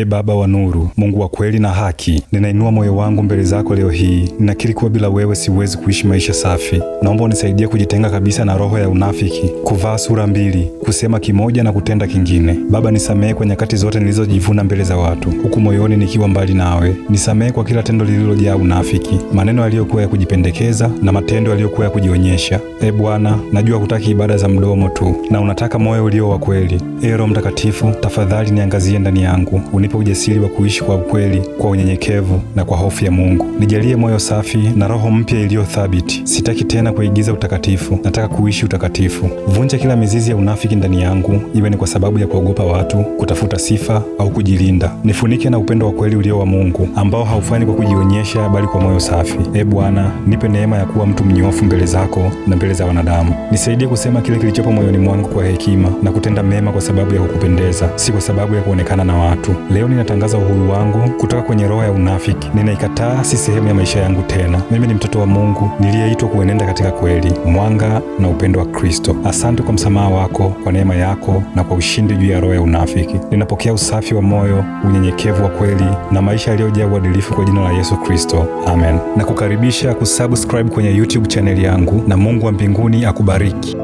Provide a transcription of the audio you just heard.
E Baba wa nuru, Mungu wa kweli na haki, ninainua moyo wangu mbele zako leo hii. Ninakiri kuwa bila wewe siwezi kuishi maisha safi. Naomba unisaidie kujitenga kabisa na roho ya unafiki, kuvaa sura mbili, kusema kimoja na kutenda kingine. Baba, nisamehe kwa nyakati zote nilizojivuna mbele za watu, huku moyoni nikiwa mbali nawe. Nisamehe kwa kila tendo lililojaa unafiki, maneno yaliyokuwa ya kujipendekeza na matendo yaliyokuwa ya kujionyesha. E Bwana, najua hutaki ibada za mdomo tu, na unataka moyo ulio wa kweli. E Roho Mtakatifu, tafadhali niangazie ndani yangu unipe ujasiri wa kuishi kwa ukweli, kwa unyenyekevu na kwa hofu ya Mungu. Nijalie moyo safi na roho mpya iliyo thabiti. Sitaki tena kuigiza utakatifu, nataka kuishi utakatifu. Vunja kila mizizi ya unafiki ndani yangu, iwe ni kwa sababu ya kuogopa watu, kutafuta sifa au kujilinda. Nifunike na upendo wa kweli ulio wa Mungu, ambao haufanyi kwa kujionyesha, bali kwa moyo safi. E Bwana, nipe neema ya kuwa mtu mnyofu mbele zako na mbele za wanadamu. Nisaidie kusema kile kilichopo moyoni mwangu kwa hekima na kutenda mema kwa sababu ya kukupendeza, si kwa sababu ya kuonekana na watu. Leo ninatangaza uhuru wangu kutoka kwenye roho ya unafiki. Ninaikataa, si sehemu ya maisha yangu tena. Mimi ni mtoto wa Mungu niliyeitwa kuenenda katika kweli, mwanga na upendo wa Kristo. Asante kwa msamaha wako, kwa neema yako na kwa ushindi juu ya roho ya unafiki. Ninapokea usafi wa moyo, unyenyekevu wa kweli na maisha yaliyojaa uadilifu kwa jina la Yesu Kristo, amen. Na kukaribisha kusubscribe kwenye YouTube chaneli yangu, na Mungu wa mbinguni akubariki.